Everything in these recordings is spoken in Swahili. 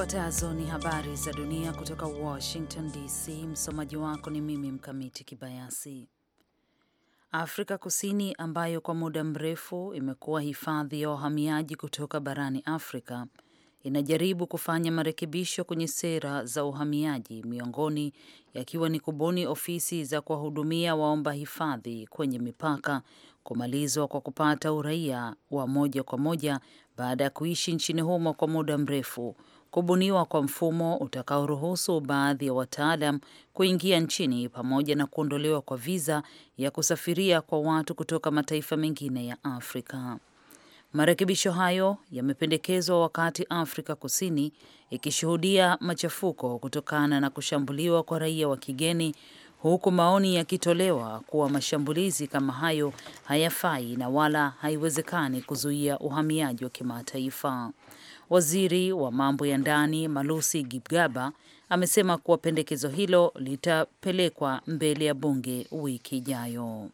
Zifuatazo ni habari za dunia kutoka Washington DC. Msomaji wako ni mimi Mkamiti Kibayasi. Afrika Kusini ambayo kwa muda mrefu imekuwa hifadhi ya wahamiaji kutoka barani Afrika inajaribu kufanya marekebisho kwenye sera za uhamiaji, miongoni yakiwa ni kubuni ofisi za kuwahudumia waomba hifadhi kwenye mipaka, kumalizwa kwa kupata uraia wa moja kwa moja baada ya kuishi nchini humo kwa muda mrefu, kubuniwa kwa mfumo utakaoruhusu baadhi ya wataalam kuingia nchini pamoja na kuondolewa kwa viza ya kusafiria kwa watu kutoka mataifa mengine ya Afrika. Marekebisho hayo yamependekezwa wakati Afrika Kusini ikishuhudia machafuko kutokana na kushambuliwa kwa raia wa kigeni, huku maoni yakitolewa kuwa mashambulizi kama hayo hayafai na wala haiwezekani kuzuia uhamiaji wa kimataifa. Waziri wa mambo ya ndani Malusi Gibgaba amesema kuwa pendekezo hilo litapelekwa mbele ya bunge wiki ijayo.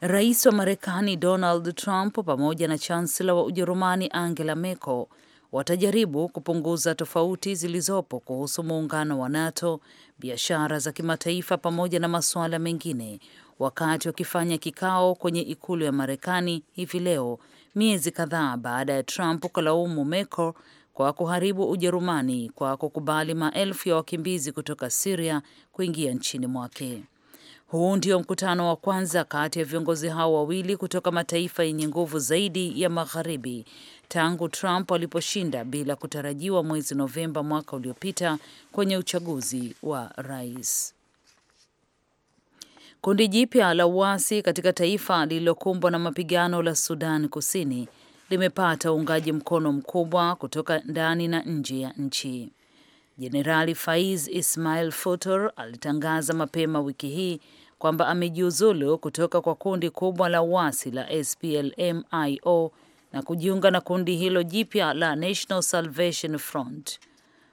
Rais wa Marekani Donald Trump pamoja na chansela wa Ujerumani Angela Merkel watajaribu kupunguza tofauti zilizopo kuhusu muungano wa NATO, biashara za kimataifa pamoja na masuala mengine, wakati wakifanya kikao kwenye ikulu ya Marekani hivi leo miezi kadhaa baada ya Trump kulaumu Merkel kwa kuharibu Ujerumani kwa kukubali maelfu ya wakimbizi kutoka Siria kuingia nchini mwake. Huu ndio mkutano wa kwanza kati ya viongozi hao wawili kutoka mataifa yenye nguvu zaidi ya magharibi tangu Trump aliposhinda bila kutarajiwa mwezi Novemba mwaka uliopita kwenye uchaguzi wa rais. Kundi jipya la uasi katika taifa lililokumbwa na mapigano la Sudan Kusini limepata uungaji mkono mkubwa kutoka ndani na nje ya nchi. Jenerali Faiz Ismail Futur alitangaza mapema wiki hii kwamba amejiuzulu kutoka kwa kundi kubwa la uasi la splmio na kujiunga na kundi hilo jipya la National Salvation Front.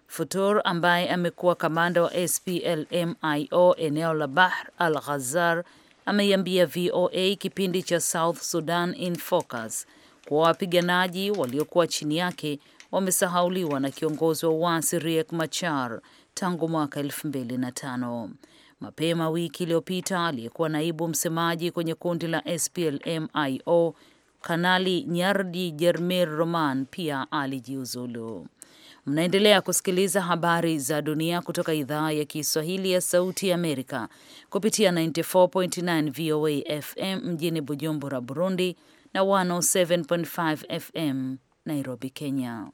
Futur ambaye amekuwa kamanda wa SPLMIO eneo la Bahr al Ghazar ameiambia VOA kipindi cha South Sudan in Focus kuwa wapiganaji waliokuwa chini yake wamesahauliwa na kiongozi wa uasi Riek Machar tangu mwaka 2005. Mapema wiki iliyopita aliyekuwa naibu msemaji kwenye kundi la SPLMIO Kanali Nyardi Jermir Roman pia alijiuzulu. Mnaendelea kusikiliza habari za dunia kutoka idhaa ya Kiswahili ya Sauti Amerika kupitia 94.9 VOA FM mjini Bujumbura, Burundi na 107.5 FM Nairobi, Kenya.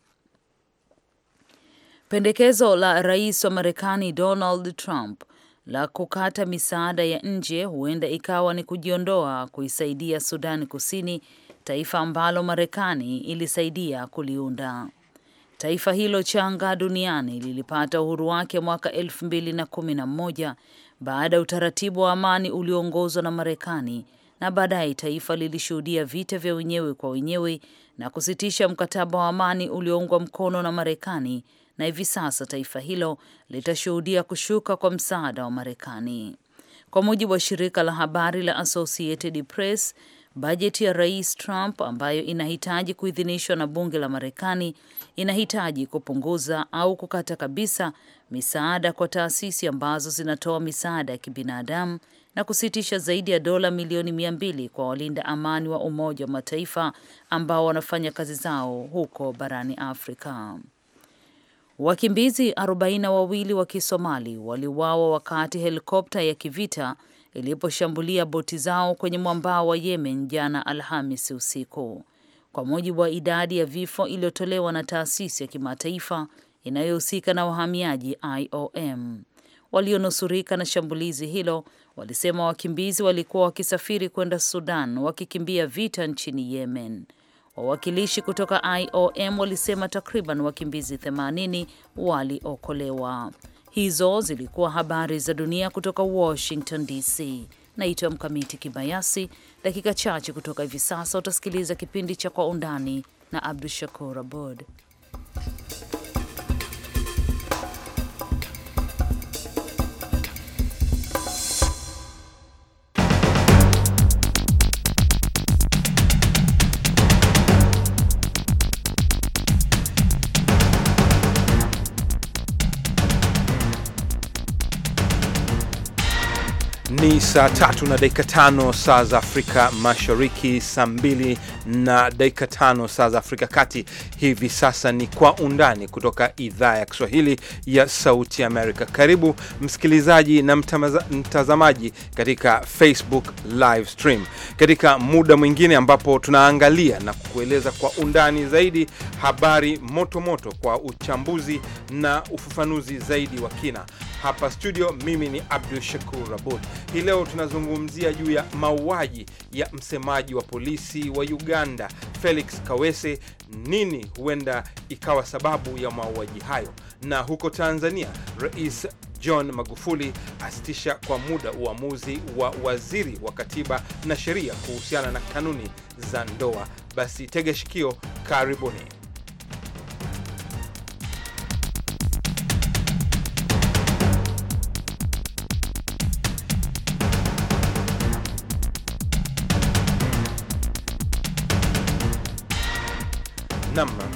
Pendekezo la rais wa Marekani Donald Trump la kukata misaada ya nje huenda ikawa ni kujiondoa kuisaidia Sudani Kusini, taifa ambalo Marekani ilisaidia kuliunda. Taifa hilo changa duniani lilipata uhuru wake mwaka 2011 moja baada ya utaratibu wa amani ulioongozwa na Marekani, na baadaye taifa lilishuhudia vita vya wenyewe kwa wenyewe na kusitisha mkataba wa amani ulioungwa mkono na Marekani, na hivi sasa taifa hilo litashuhudia kushuka kwa msaada wa Marekani. Kwa mujibu wa shirika la habari la Associated Press, Bajeti ya Rais Trump ambayo inahitaji kuidhinishwa na bunge la Marekani inahitaji kupunguza au kukata kabisa misaada kwa taasisi ambazo zinatoa misaada ya kibinadamu na kusitisha zaidi ya dola milioni mia mbili kwa walinda amani wa Umoja wa Mataifa ambao wanafanya kazi zao huko barani Afrika. Wakimbizi arobaini na wawili wa Kisomali waliuawa wakati helikopta ya kivita iliposhambulia boti zao kwenye mwambao wa Yemen jana Alhamis usiku, kwa mujibu wa idadi ya vifo iliyotolewa na taasisi ya kimataifa inayohusika na wahamiaji IOM. Walionusurika na shambulizi hilo walisema wakimbizi walikuwa wakisafiri kwenda Sudan wakikimbia vita nchini Yemen. Wawakilishi kutoka IOM walisema takriban wakimbizi 80 waliokolewa. Hizo zilikuwa habari za dunia kutoka Washington DC. Naitwa Mkamiti Kibayasi. Dakika chache kutoka hivi sasa utasikiliza kipindi cha Kwa Undani na Abdu Shakur Abod. saa tatu na dakika tano saa za Afrika Mashariki, saa mbili na dakika tano saa za Afrika Kati. Hivi sasa ni Kwa Undani kutoka idhaa ya Kiswahili ya Sauti Amerika. Karibu msikilizaji na mtazamaji katika Facebook live stream, katika muda mwingine ambapo tunaangalia na kukueleza kwa undani zaidi habari moto moto kwa uchambuzi na ufafanuzi zaidi wa kina. Hapa studio, mimi ni Abdul Shakur Abud. Hii leo tunazungumzia juu ya mauaji ya msemaji wa polisi wa Uganda Uganda Felix Kawese, nini huenda ikawa sababu ya mauaji hayo? Na huko Tanzania Rais John Magufuli asitisha kwa muda uamuzi wa waziri wa katiba na sheria kuhusiana na kanuni za ndoa. Basi tegeshikio shikio, karibuni.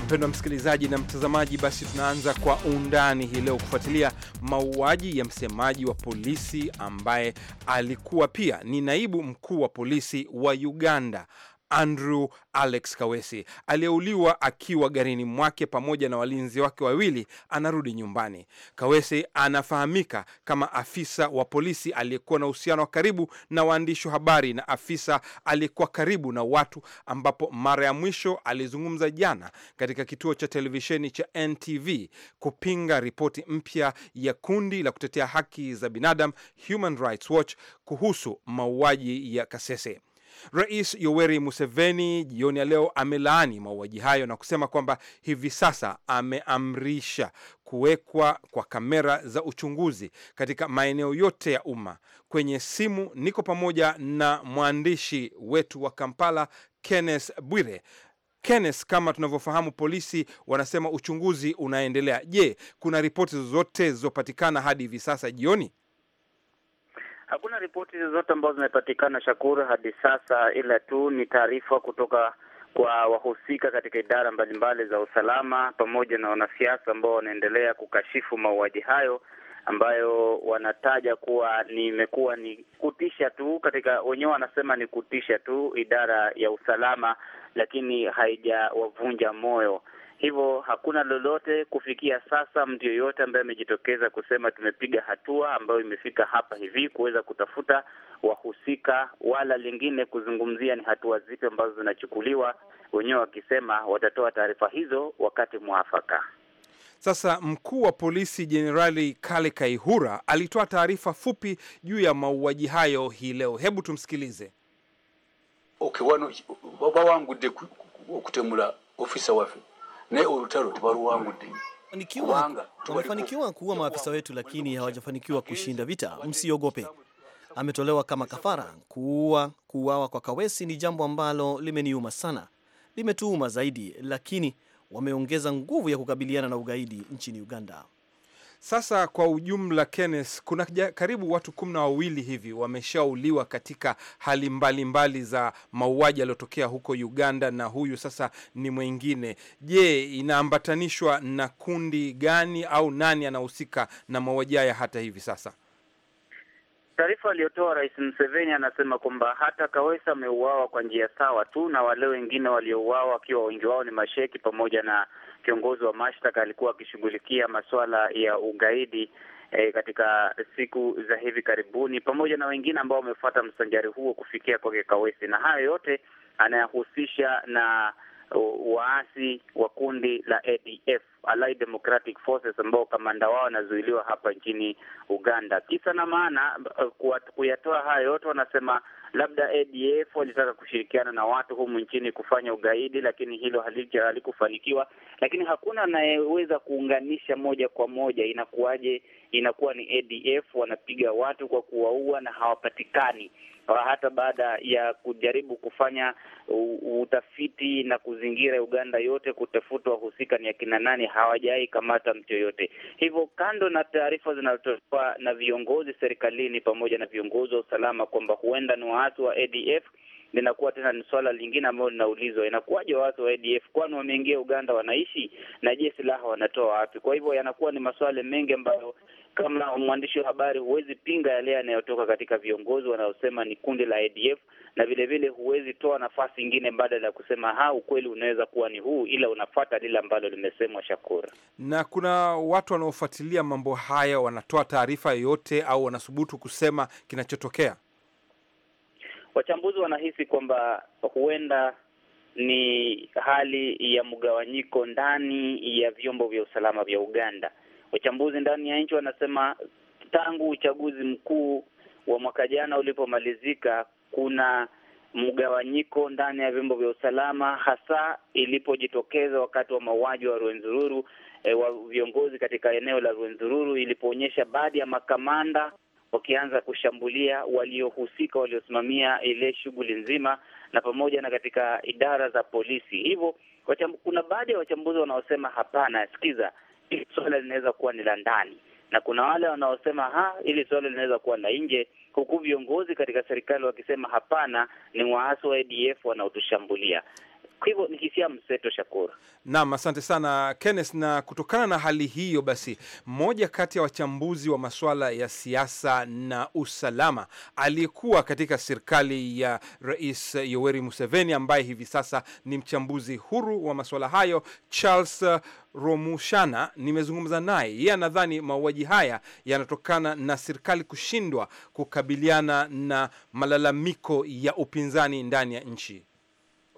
Mpendwa msikilizaji na mtazamaji, basi tunaanza kwa undani hii leo kufuatilia mauaji ya msemaji wa polisi ambaye alikuwa pia ni naibu mkuu wa polisi wa Uganda Andrew Alex Kawesi aliyeuliwa akiwa garini mwake pamoja na walinzi wake wawili anarudi nyumbani. Kawesi anafahamika kama afisa wa polisi aliyekuwa na uhusiano wa karibu na waandishi wa habari na afisa aliyekuwa karibu na watu, ambapo mara ya mwisho alizungumza jana katika kituo cha televisheni cha NTV kupinga ripoti mpya ya kundi la kutetea haki za binadamu Human Rights Watch kuhusu mauaji ya Kasese. Rais Yoweri Museveni jioni ya leo amelaani mauaji hayo na kusema kwamba hivi sasa ameamrisha kuwekwa kwa kamera za uchunguzi katika maeneo yote ya umma. Kwenye simu niko pamoja na mwandishi wetu wa Kampala Kenneth Bwire. Kenneth, kama tunavyofahamu, polisi wanasema uchunguzi unaendelea. Je, kuna ripoti zozote zilizopatikana hadi hivi sasa jioni? Hakuna ripoti zozote ambazo zimepatikana Shakur, hadi sasa, ila tu ni taarifa kutoka kwa wahusika katika idara mbalimbali za usalama pamoja na wanasiasa ambao wanaendelea kukashifu mauaji hayo ambayo wanataja kuwa nimekuwa ni kutisha tu katika wenyewe wanasema ni kutisha tu idara ya usalama, lakini haijawavunja moyo. Hivyo hakuna lolote kufikia sasa, mtu yoyote ambaye amejitokeza kusema tumepiga hatua ambayo imefika hapa hivi kuweza kutafuta wahusika, wala lingine kuzungumzia ni hatua zipi ambazo zinachukuliwa, wenyewe wakisema watatoa taarifa hizo wakati mwafaka. Sasa mkuu wa polisi Jenerali Kale Kaihura alitoa taarifa fupi juu ya mauaji hayo hii leo. Hebu tumsikilize. Okay, wano baba wangu de kutemula ofisa wafe naye urutaro tubaruwangudde wamefanikiwa kuua maafisa wetu, lakini hawajafanikiwa kushinda vita. Msiogope, ametolewa kama kafara. Kuua kuuawa kwa Kawesi ni jambo ambalo limeniuma sana, limetuuma zaidi, lakini wameongeza nguvu ya kukabiliana na ugaidi nchini Uganda. Sasa kwa ujumla, Kenneth, kuna karibu watu kumi na wawili hivi wameshauliwa katika hali mbalimbali mbali za mauaji yaliyotokea huko Uganda, na huyu sasa ni mwingine. Je, inaambatanishwa na kundi gani au nani anahusika na mauaji haya hata hivi sasa? Taarifa aliyotoa Rais Museveni anasema kwamba hata Kawesa ameuawa kwa njia sawa tu na wale wengine waliouawa, wakiwa wengi wao ni masheki pamoja na kiongozi wa mashtaka alikuwa akishughulikia masuala ya ugaidi E, katika siku za hivi karibuni pamoja na wengine ambao wamefuata msanjari huo kufikia kwake kawesi na hayo yote anayahusisha na waasi wa kundi la ADF Allied Democratic Forces ambao kamanda wao anazuiliwa hapa nchini Uganda. Kisa na maana eh, kuyatoa haya yote, wanasema labda ADF walitaka kushirikiana na watu humu nchini kufanya ugaidi, lakini hilo halija halikufanikiwa. Lakini hakuna anayeweza kuunganisha moja kwa moja, inakuwaje inakuwa ni ADF wanapiga watu kwa kuwaua na hawapatikani ah, hata baada ya kujaribu kufanya utafiti na kuzingira Uganda yote kutafuta wahusika ni akina nani, hawajawai kamata mtu yoyote. Hivyo kando na taarifa zinazotolewa na viongozi serikalini pamoja na viongozi wa usalama kwamba huenda ni waasi wa ADF linakuwa tena ni swala lingine ambalo linaulizwa, inakuwaje watu wa ADF kwani wameingia Uganda wanaishi na je, silaha wanatoa wapi? Kwa hivyo yanakuwa ni maswali mengi ambayo kama mwandishi wa habari huwezi pinga yale yanayotoka katika viongozi wanaosema ni kundi la ADF, na vilevile huwezi toa nafasi ingine badala ya kusema ha, ukweli unaweza kuwa ni huu, ila unafuata lile ambalo limesemwa. Shakura, na kuna watu wanaofuatilia mambo haya wanatoa taarifa yoyote au wanasubutu kusema kinachotokea? Wachambuzi wanahisi kwamba huenda ni hali ya mgawanyiko ndani ya vyombo vya usalama vya Uganda. Wachambuzi ndani ya nchi wanasema tangu uchaguzi mkuu wa mwaka jana ulipomalizika, kuna mgawanyiko ndani ya vyombo vya usalama, hasa ilipojitokeza wakati wa mauaji wa Rwenzururu, e, wa viongozi katika eneo la Rwenzururu ilipoonyesha baadhi ya makamanda wakianza kushambulia waliohusika, waliosimamia ile shughuli nzima, na pamoja na katika idara za polisi. Hivyo kuna baadhi ya wachambuzi wanaosema hapana, sikiza, hili suala linaweza kuwa ni la ndani, na kuna wale wanaosema ha, hili suala linaweza kuwa la nje, huku viongozi katika serikali wakisema hapana, ni waasi wa ADF wanaotushambulia. Kwa hivyo ni hisia mseto, Shakura. Naam, asante sana Kenneth. Na kutokana na hali hiyo basi, mmoja kati ya wachambuzi wa masuala ya siasa na usalama aliyekuwa katika serikali ya Rais Yoweri Museveni, ambaye hivi sasa ni mchambuzi huru wa masuala hayo, Charles Romushana, nimezungumza naye. Yeye anadhani mauaji haya yanatokana na serikali kushindwa kukabiliana na malalamiko ya upinzani ndani ya nchi.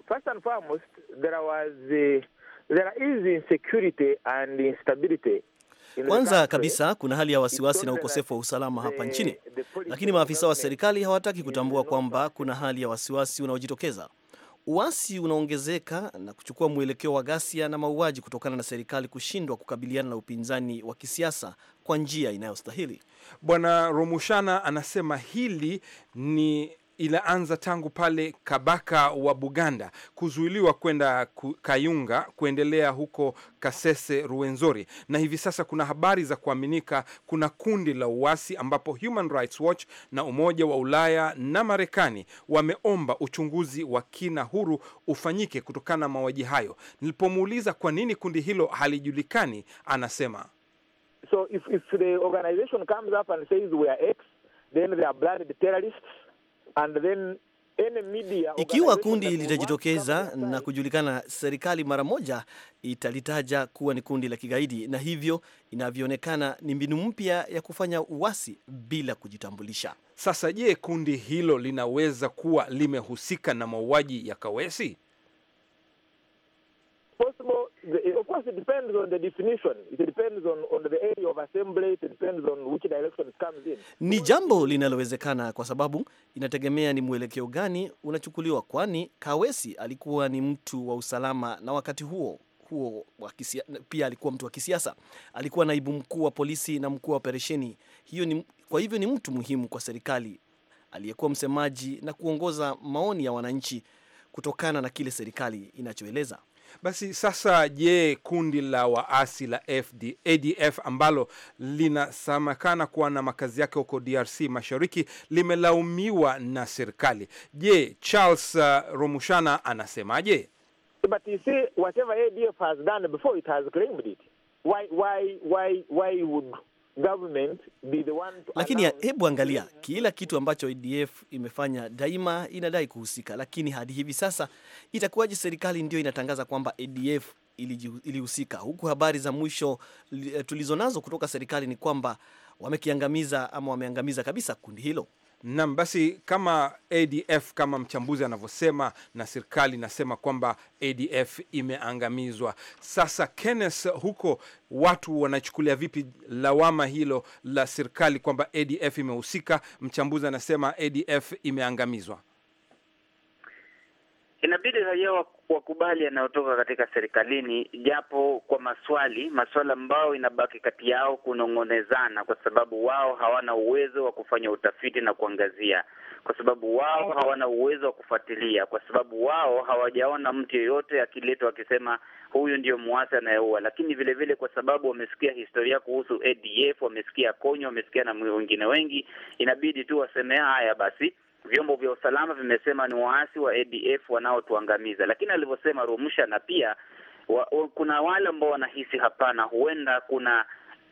First and foremost, there was uh, there is insecurity and instability. Kwanza kabisa kuna hali ya wasiwasi na ukosefu wa usalama hapa nchini, lakini maafisa wa serikali hawataki kutambua kwamba kuna hali ya wasiwasi unaojitokeza. Uasi unaongezeka na kuchukua mwelekeo wa ghasia na mauaji kutokana na serikali kushindwa kukabiliana na upinzani wa kisiasa kwa njia inayostahili. Bwana Romushana anasema hili ni inaanza tangu pale Kabaka wa Buganda kuzuiliwa kwenda Kayunga kuendelea huko Kasese Ruwenzori, na hivi sasa kuna habari za kuaminika kuna kundi la uasi ambapo Human Rights Watch na Umoja wa Ulaya na Marekani wameomba uchunguzi wa kina huru ufanyike kutokana na mauaji hayo. Nilipomuuliza kwa nini kundi hilo halijulikani, anasema so if, if the organization comes up and says we are X, then they are blooded terrorists And then any media, ikiwa kundi litajitokeza na kujulikana, serikali mara moja italitaja kuwa ni kundi la kigaidi, na hivyo inavyoonekana ni mbinu mpya ya kufanya uasi bila kujitambulisha. Sasa je, kundi hilo linaweza kuwa limehusika na mauaji ya Kawesi? Possible, course, it depends on the definition. It depends on, on the area of assembly. It depends on which direction it comes in. Ni jambo linalowezekana kwa sababu inategemea ni mwelekeo gani unachukuliwa, kwani Kawesi alikuwa ni mtu wa usalama na wakati huo huo kisia, pia alikuwa mtu wa kisiasa. Alikuwa naibu mkuu wa polisi na mkuu wa operesheni hiyo. Ni, kwa hivyo ni mtu muhimu kwa serikali aliyekuwa msemaji na kuongoza maoni ya wananchi kutokana na kile serikali inachoeleza. Basi sasa, je, kundi la waasi la FD, ADF ambalo linasemekana kuwa na makazi yake huko DRC mashariki limelaumiwa na serikali. Je, Charles uh, Romushana anasemaje? government be the one to lakini, hebu angalia kila kitu ambacho ADF imefanya daima inadai kuhusika, lakini hadi hivi sasa itakuwaje serikali ndio inatangaza kwamba ADF ilihusika, huku habari za mwisho tulizonazo kutoka serikali ni kwamba wamekiangamiza ama wameangamiza kabisa kundi hilo. Nam, basi kama ADF kama mchambuzi anavyosema na serikali inasema kwamba ADF imeangamizwa. Sasa Kenneth, huko watu wanachukulia vipi lawama hilo la serikali kwamba ADF imehusika? Mchambuzi anasema ADF imeangamizwa inabidi raia wakubali yanayotoka katika serikalini, japo kwa maswali maswala ambayo inabaki kati yao kunong'onezana, kwa sababu wao hawana uwezo wa kufanya utafiti na kuangazia, kwa sababu wao hawana uwezo wa kufuatilia, kwa sababu wao hawajaona mtu yeyote akiletwa akisema huyu ndio mwasi anayeua, lakini vile vile kwa sababu wamesikia historia kuhusu ADF, wamesikia Konyo, wamesikia na wengine wengi, inabidi tu waseme haya basi vyombo vya usalama vimesema ni waasi wa ADF wanaotuangamiza, lakini alivyosema rumsha na pia wa, wa, kuna wale ambao wanahisi hapana, huenda kuna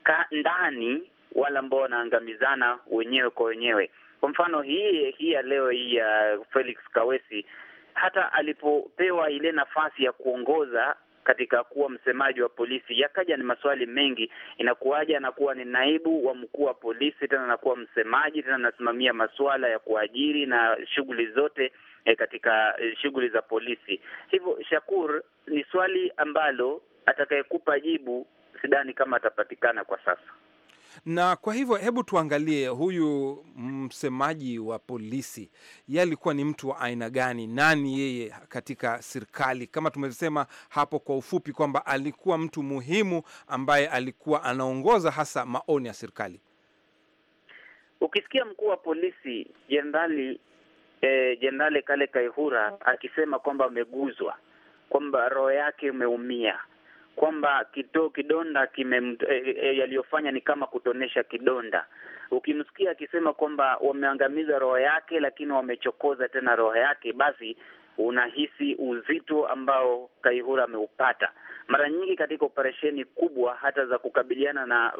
ka ndani wale ambao wanaangamizana wenyewe kwa wenyewe. Kwa mfano hii hii ya leo hii ya Felix Kawesi, hata alipopewa ile nafasi ya kuongoza katika kuwa msemaji wa polisi. Yakaja ni maswali mengi, inakuwaje anakuwa ni naibu wa mkuu wa polisi, tena anakuwa msemaji, tena anasimamia masuala ya kuajiri na shughuli zote e, katika eh, shughuli za polisi. Hivyo Shakur, ni swali ambalo atakayekupa jibu sidhani kama atapatikana kwa sasa. Na kwa hivyo hebu tuangalie huyu msemaji wa polisi, yeye alikuwa ni mtu wa aina gani? Nani yeye katika serikali? Kama tumesema hapo kwa ufupi kwamba alikuwa mtu muhimu ambaye alikuwa anaongoza hasa maoni ya serikali. Ukisikia mkuu wa polisi jenerali eh, jenerali eh, Kale Kaihura akisema kwamba ameguzwa, kwamba roho yake imeumia kwamba kitoo kidonda kime e, e, yaliyofanya ni kama kutonesha kidonda. Ukimsikia akisema kwamba wameangamiza roho yake, lakini wamechokoza tena roho yake, basi unahisi uzito ambao Kaihura ameupata. Mara nyingi katika operesheni kubwa hata za kukabiliana na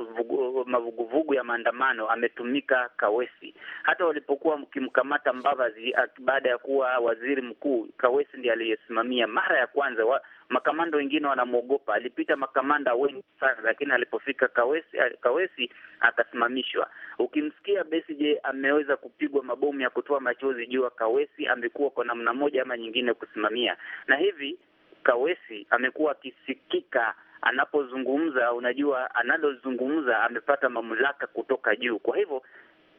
mavuguvugu ya maandamano ametumika Kawesi. Hata walipokuwa mkimkamata Mbavazi baada ya kuwa waziri mkuu, Kawesi ndiye aliyesimamia mara ya kwanza wa, makamanda wengine wanamwogopa. Alipita makamanda wengi sana, lakini alipofika Kawesi, Kawesi akasimamishwa. Ukimsikia Besigye ameweza kupigwa mabomu ya kutoa machozi, juu ya Kawesi amekuwa kwa namna moja ama nyingine kusimamia, na hivi Kawesi amekuwa akisikika anapozungumza. Unajua, analozungumza amepata mamlaka kutoka juu. Kwa hivyo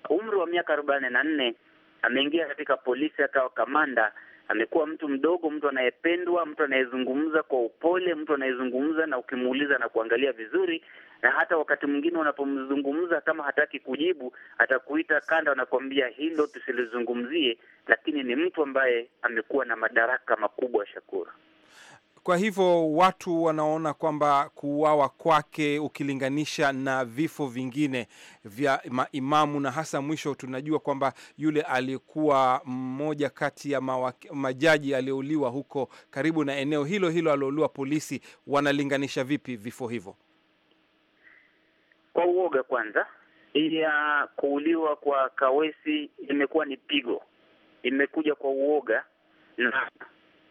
umri wa miaka arobaini na nne ameingia katika polisi akawa kamanda amekuwa mtu mdogo, mtu anayependwa, mtu anayezungumza kwa upole, mtu anayezungumza na ukimuuliza na kuangalia vizuri, na hata wakati mwingine unapomzungumza kama hataki kujibu, atakuita kanda, anakuambia hilo tusilizungumzie, lakini ni mtu ambaye amekuwa na madaraka makubwa. Shakura. Kwa hivyo watu wanaona kwamba kuuawa kwake ukilinganisha na vifo vingine vya maimamu, na hasa mwisho tunajua kwamba yule aliyekuwa mmoja kati ya mawake, majaji aliyouliwa huko karibu na eneo hilo hilo aliouliwa polisi, wanalinganisha vipi vifo hivyo? Kwa uoga kwanza, ya kuuliwa kwa Kawesi imekuwa ni pigo, imekuja kwa uoga na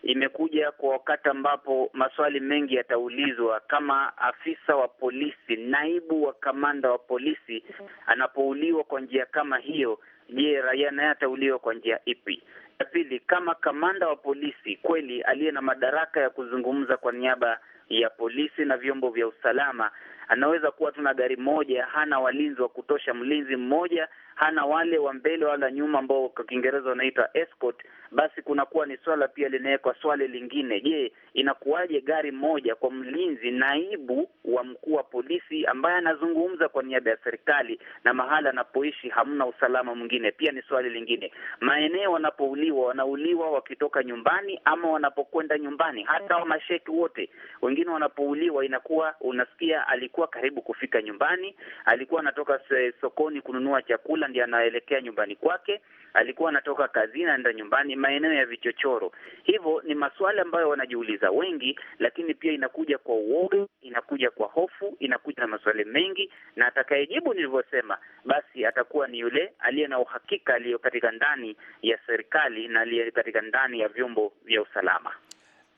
imekuja kwa wakati ambapo maswali mengi yataulizwa, kama afisa wa polisi, naibu wa kamanda wa polisi anapouliwa kwa njia kama hiyo, je, raia naye atauliwa kwa njia ipi? Ya pili, kama kamanda wa polisi kweli aliye na madaraka ya kuzungumza kwa niaba ya polisi na vyombo vya usalama, anaweza kuwa tu na gari moja, hana walinzi wa kutosha, mlinzi mmoja hana wale wa mbele wala nyuma ambao kwa Kiingereza wanaita escort, basi kunakuwa ni swala pia linawekwa swali lingine. Je, inakuwaje gari moja kwa mlinzi naibu wa mkuu wa polisi ambaye anazungumza kwa niaba ya serikali na mahala anapoishi hamna usalama mwingine? Pia ni swali lingine. Maeneo wanapouliwa wanauliwa wakitoka nyumbani ama wanapokwenda nyumbani, hata wa masheki wote wengine wanapouliwa inakuwa unasikia alikuwa karibu kufika nyumbani, alikuwa anatoka sokoni kununua chakula sasa ndiye anaelekea nyumbani kwake. Alikuwa anatoka kazini anaenda nyumbani, maeneo ya vichochoro. Hivyo ni masuala ambayo wanajiuliza wengi, lakini pia inakuja kwa uoga, inakuja kwa hofu, inakuja na maswali mengi, na atakayejibu nilivyosema, basi atakuwa ni yule aliye na uhakika, aliyo katika ndani ya serikali na aliye katika ndani ya vyombo vya usalama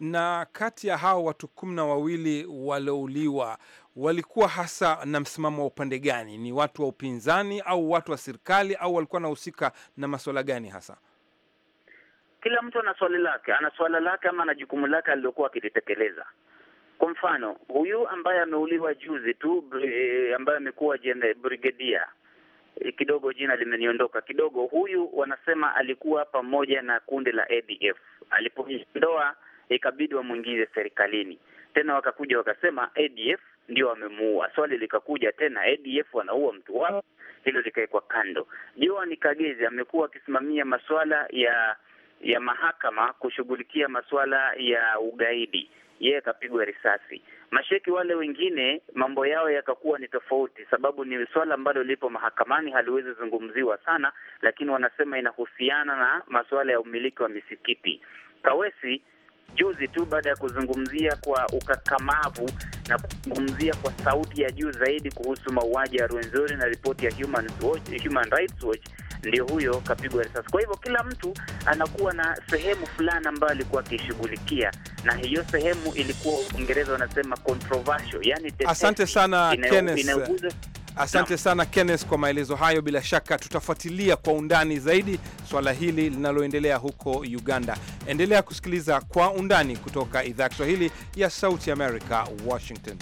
na kati ya hao watu kumi na wawili waliouliwa walikuwa hasa na msimamo wa upande gani? Ni watu wa upinzani au watu wa serikali au walikuwa wanahusika na masuala gani hasa? Kila mtu ana swali lake, ana swala lake ama ana jukumu lake alilokuwa akilitekeleza. Kwa mfano huyu ambaye ameuliwa juzi tu, ambaye amekuwa brigedia, eh, kidogo jina limeniondoka kidogo, huyu wanasema alikuwa pamoja na kundi la ADF. Alipojiondoa, ikabidi wamwingize serikalini tena, wakakuja wakasema ADF ndio wamemuua. Swali likakuja tena, ADF wanaua mtu wao, hilo likawekwa kando. Joan Kagezi amekuwa akisimamia masuala ya ya mahakama kushughulikia masuala ya ugaidi, yeye akapigwa risasi. Masheki wale wengine mambo yao yakakuwa ni tofauti, sababu ni swala ambalo lipo mahakamani, haliwezi zungumziwa sana, lakini wanasema inahusiana na masuala ya umiliki wa misikiti. Kawesi juzi tu baada ya kuzungumzia kwa ukakamavu na kuzungumzia kwa sauti ya juu zaidi kuhusu mauaji ya Rwenzori na ripoti ya Human, Watch, Human Rights Watch ndio huyo kapigwa risasi. Kwa hivyo kila mtu anakuwa na sehemu fulani ambayo alikuwa akishughulikia, na hiyo sehemu ilikuwa Uingereza wanasema controversial, yani asante sana Kenneth. Asante sana Kenneth kwa maelezo hayo. Bila shaka tutafuatilia kwa undani zaidi swala hili linaloendelea huko Uganda. Endelea kusikiliza Kwa Undani kutoka idhaa ya Kiswahili ya Sauti America, Washington.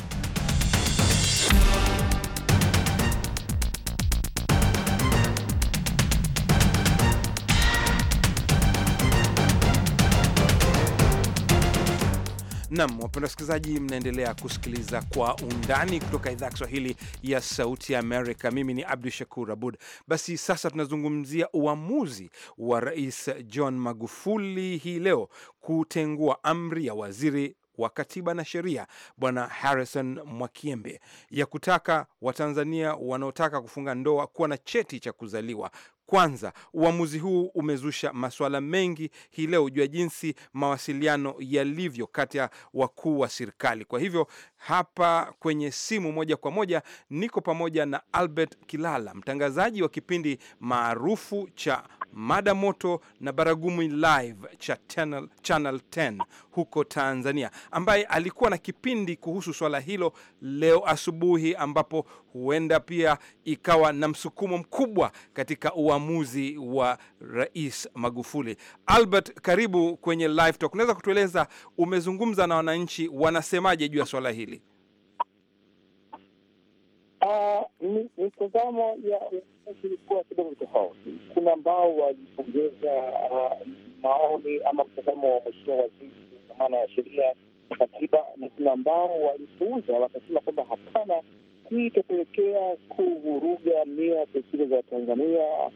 Nam, wapenda wasikilizaji, mnaendelea kusikiliza Kwa Undani kutoka idhaa ya Kiswahili ya Sauti ya Amerika. Mimi ni Abdu Shakur Abud. Basi sasa tunazungumzia uamuzi wa Rais John Magufuli hii leo kutengua amri ya waziri wa katiba na sheria Bwana Harrison Mwakiembe ya kutaka Watanzania wanaotaka kufunga ndoa kuwa na cheti cha kuzaliwa kwanza, uamuzi huu umezusha masuala mengi hii leo juu ya jinsi mawasiliano yalivyo kati ya wakuu wa serikali. Kwa hivyo hapa kwenye simu moja kwa moja niko pamoja na Albert Kilala, mtangazaji wa kipindi maarufu cha Mada Moto na Baragumu Live cha Channel, Channel 10 huko Tanzania, ambaye alikuwa na kipindi kuhusu swala hilo leo asubuhi, ambapo huenda pia ikawa na msukumo mkubwa katika uamuzi wa Rais Magufuli. Albert, karibu kwenye Live Talk. Unaweza kutueleza umezungumza na wananchi, wanasemaje juu ya swala hili? Ah, Mitazamo ya ilikuwa kidogo tofauti. Kuna ambao walipongeza ah, maoni ama mtazamo wa mheshimiwa waziri kwa maana ya sheria na katiba, na kuna ambao walipuuza, wakasema kwamba hapana, hii itapelekea kuvuruga mia zisizo za Tanzania,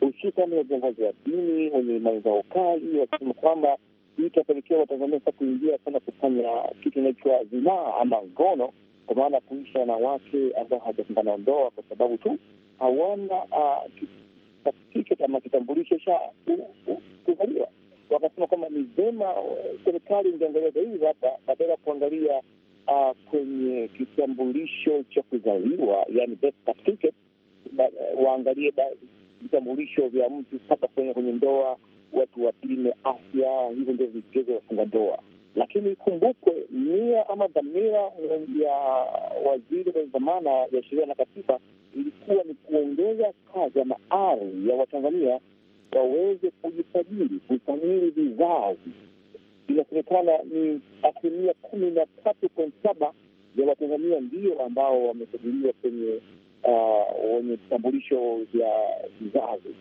hususani wa viongozi wa dini wenye imani za ukali, wakisema kwamba hii itapelekea Watanzania sasa kuingia sana kufanya kitu inaitwa zinaa ama ngono kwa maana kuisha na wanawake ambao hajafungana ndoa kwa sababu tu hawana certificate ah, ama kitambulisho cha kuzaliwa. Wakasema kwamba ni vema eh, serikali ingeangalia zaidi hapa, badala ya kuangalia ah, kwenye kitambulisho cha kuzaliwa, yani birth certificate, eh, waangalie vitambulisho vya mtu mpaka kwenye ndoa, watu wapime afya. Hivyo ndio vigezo vya kufunga ndoa lakini ikumbukwe nia ama dhamira ya waziri wa dhamana ya sheria na katiba ilikuwa ni kuongeza kazi ama ari ya Watanzania waweze kujisajili kusajili vizazi. Inasemekana ni asilimia kumi na tatu pointi saba ya Watanzania ndio ambao wamesajiliwa kwenye uh, wenye vitambulisho vya vizazi,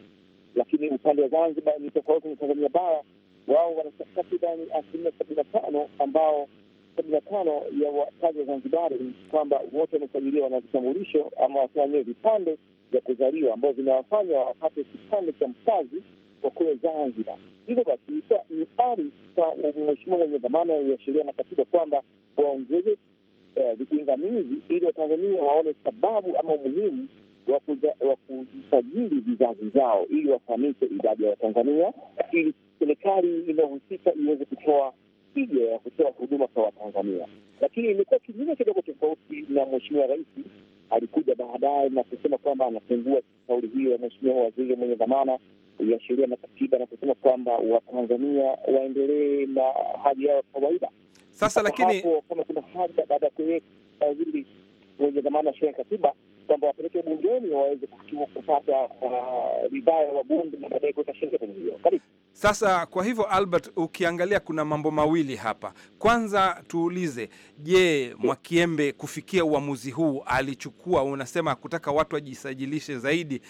lakini upande wa Zanzibar ni tofauti na Tanzania bara wao wana takribani asilimia sabini na tano ambao sabini na tano ya wakazi wa Zanzibari kwamba wote wamesajiliwa na vitambulisho ama wakiwa vipande vya kuzaliwa ambao vinawafanya wapate kipande cha mkazi kwa kule Zanzibar. Hivyo basi ni ari kwa mheshimiwa mwenye dhamana ya sheria na katiba kwamba waongeze eh, vipingamizi ili Watanzania waone sababu ama umuhimu wa kujisajili vizazi zao ili wafanike idadi ya Watanzania, ili serikali inayohusika iweze kutoa tija ya kutoa huduma kwa Watanzania. Lakini imekuwa kinyume kidogo tofauti na Mheshimiwa Rais alikuja baadaye na kusema kwamba anapungua kauli hiyo ya Mheshimiwa waziri mwenye dhamana ya sheria na katiba na kusema kwamba Watanzania waendelee na hali yao ya kawaida. Sasa lakini kama kuna haja baada ya kuweka waziri mwenye dhamana ya sheria na katiba kwamba wapeleke bungeni waweze kupata uh, ridhaa ya wabunge na baadaye kuweka sheria kwenye hiyo. Karibu. Sasa kwa hivyo, Albert, ukiangalia kuna mambo mawili hapa. Kwanza tuulize, je, Mwakiembe kufikia uamuzi huu alichukua, unasema kutaka watu wajisajilishe zaidi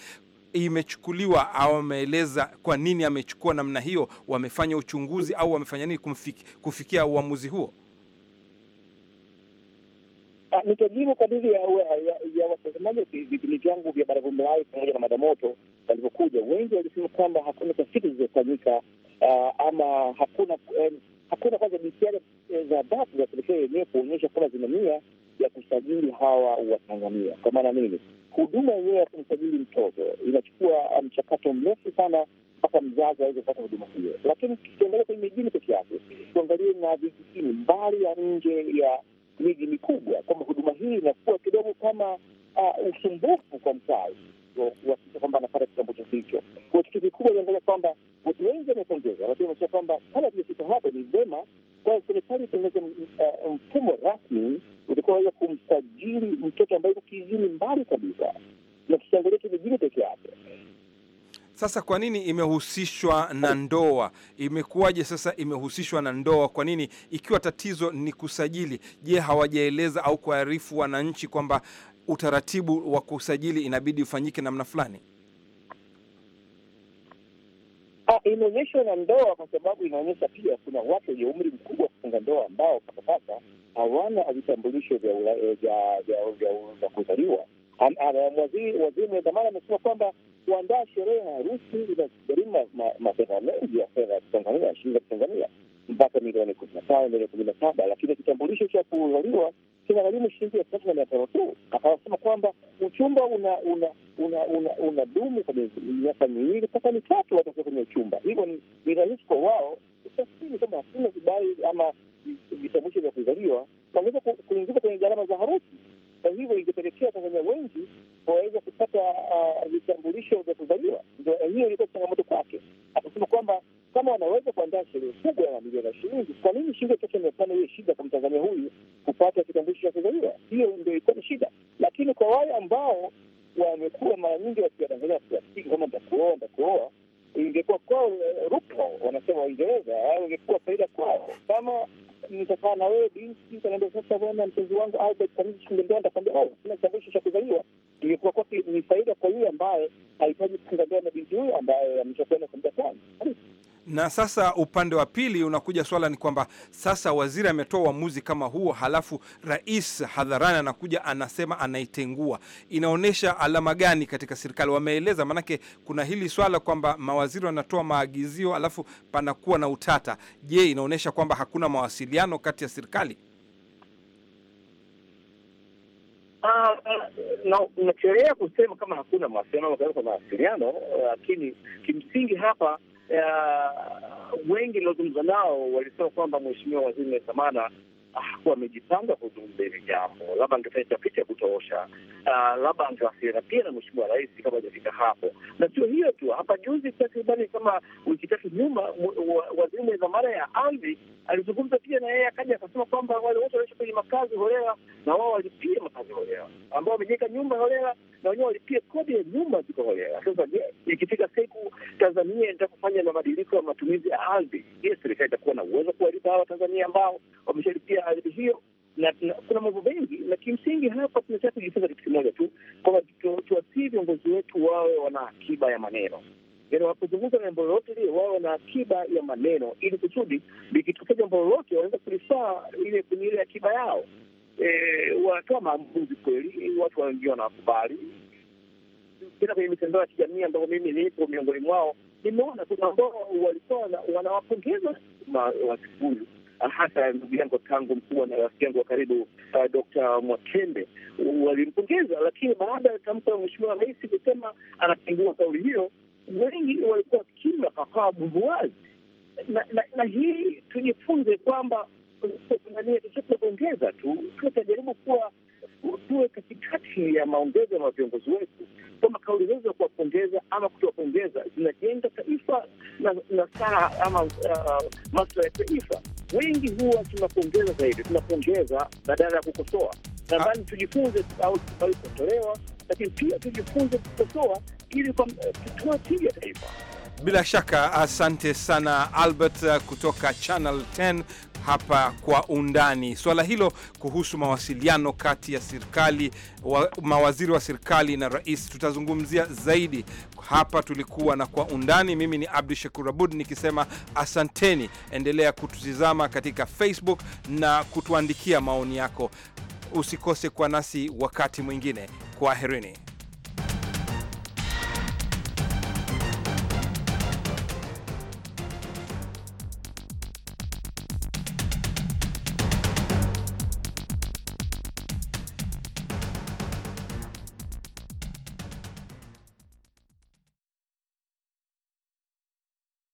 imechukuliwa au ameeleza kwa nini amechukua namna hiyo? Wamefanya uchunguzi au wamefanya nini kumfiki, kufikia uamuzi huo? Ah, nitajibu kadiri ya, ya, ya watazamaji wa vipindi vyangu vya Baravumbi Live pamoja na Madamoto walivyokuja. Wengi walisema kwamba hakuna tafiti zilizofanyika ah, ama hakuna eh, hakuna kwanza jitihada eh, za dhati za serikali yenyewe kuonyesha kwamba zina nia ya kusajili hawa Watanzania. Kwa maana nini? Huduma yenyewe ya kumsajili mtoto inachukua ah, mchakato mrefu sana mpaka mzazi aweze kupata huduma hiyo, lakini tukiangalia kwenye mijini peke yake, tuangalie na vijijini, mbali ya nje ya miji mikubwa, kwamba huduma hii inakuwa kidogo kama uh, usumbufu kwa mtaji kuhakikisha kwamba anapata kitambulisho hicho. Kwa kitu kikubwa inaangalia kwamba watu wengi wamepongeza, lakini wamesema kwamba kama tumefika hapo ni vema kwa serikali itengeneze uh, mfumo rasmi utakaoweza kumsajili mtoto ambaye yuko kijijini mbali kabisa, na tusiangalie kijijini peke yake. Sasa kwa nini imehusishwa na ndoa? Imekuwaje sasa imehusishwa na ndoa? Kwa nini, ikiwa tatizo ni kusajili? Je, hawajaeleza au kuarifu wananchi kwamba utaratibu wa kusajili inabidi ufanyike namna fulani? Ah, Imeonyeshwa na ndoa kwa sababu inaonyesha pia kuna watu wenye umri mkubwa kufunga ndoa ambao mpaka sasa hawana vitambulisho vya eh, kuzaliwa. Waziri mwenye dhamana amesema kwamba kuandaa sherehe ya harusi inagharimu mafedha mengi ya fedha ya Tanzania, shilingi za Tanzania mpaka milioni kumi na tano milioni kumi na saba lakini kitambulisho cha kuzaliwa kinagharimu shilingi elfu tatu na mia tano tu. Akasema kwamba uchumba una una una unadumu kwa miaka miwili mpaka mitatu watakuwa kwenye uchumba, hivyo ni rahisi kwa wao kutasiri kwamba hakuna kibali ama sasa upande wa pili unakuja swala ni kwamba sasa waziri ametoa uamuzi kama huo, halafu rais hadharani anakuja anasema anaitengua, inaonyesha alama gani katika serikali? Wameeleza maanake, kuna hili swala kwamba mawaziri wanatoa maagizio halafu panakuwa na utata. Je, inaonyesha kwamba hakuna mawasiliano kati ya serikali? Ah, Nachoelea kusema kama hakuna mawasiliano, lakini kimsingi hapa uh, wengi niliozungumza nao walisema kwamba mheshimiwa waziri Nyamithamana hakuwa ah, amejipanga kuzungumza hili jambo, labda angefanya tafiti ya kutosha, mm. ah, labda angewasiliana pia na mheshimiwa rais kama hajafika hapo. Na sio hiyo tu, hapa juzi takribani kama wiki tatu nyuma, waziri mwenye dhamana ya ardhi alizungumza pia na yeye, akaja akasema kwamba wale wote wanaishi kwenye makazi holela na wao walipia makazi holela, ambao wamejenga nyumba holela na wenyewe walipia kodi ya nyumba ziko holela. Sasa je, ikifika siku Tanzania inataka kufanya mabadiliko ya matumizi ya ardhi, je, serikali itakuwa na uwezo kuwalipa hawa Tanzania ambao wameshalipia katika hiyo na, kuna mambo mengi, na kimsingi hapa tunataka kujifunza kitu kimoja tu kwamba tuwasii viongozi wetu wawe wana akiba ya maneno, yani wakuzungumza jambo lolote lile wawe wana akiba ya maneno, ili kusudi likitokea jambo lolote wanaweza kulifaa ile kwenye ile akiba yao. E, wanatoa maamuzi kweli, watu wengi wanawakubali. Tena kwenye mitandao ya kijamii ambapo mimi nipo miongoni mwao, nimeona kuna ambao walikuwa wanawapongeza wana hasa ndugu yangu tangu mkubwa na rafiki yangu wa karibu uh, Dr. Mwakembe walimpongeza, lakini baada ya tamko la Mheshimiwa Rais kusema anapingua kauli hiyo, wengi walikuwa kimya, kakawa buvuwazi na, na, na hii tujifunze kwamba tunapongeza tu tutajaribu kuwa tuwe katikati ya maongezo ya viongozi wetu, kama kauli zetu za kuwapongeza ama kutowapongeza zinajenga taifa na, na saa ama uh, maslahi ya taifa. Wengi huwa tunapongeza zaidi, tunapongeza badala ya kukosoa. Nadhani tujifunze au kutolewa, lakini pia tujifunze kukosoa ili uh, tija taifa bila shaka asante sana Albert uh, kutoka Channel 10 hapa kwa undani swala hilo kuhusu mawasiliano kati ya serikali wa, mawaziri wa serikali na rais, tutazungumzia zaidi hapa. Tulikuwa na kwa undani. Mimi ni Abdu Shakur Abud nikisema asanteni, endelea kututizama katika Facebook na kutuandikia maoni yako. Usikose kwa nasi wakati mwingine, kwaherini.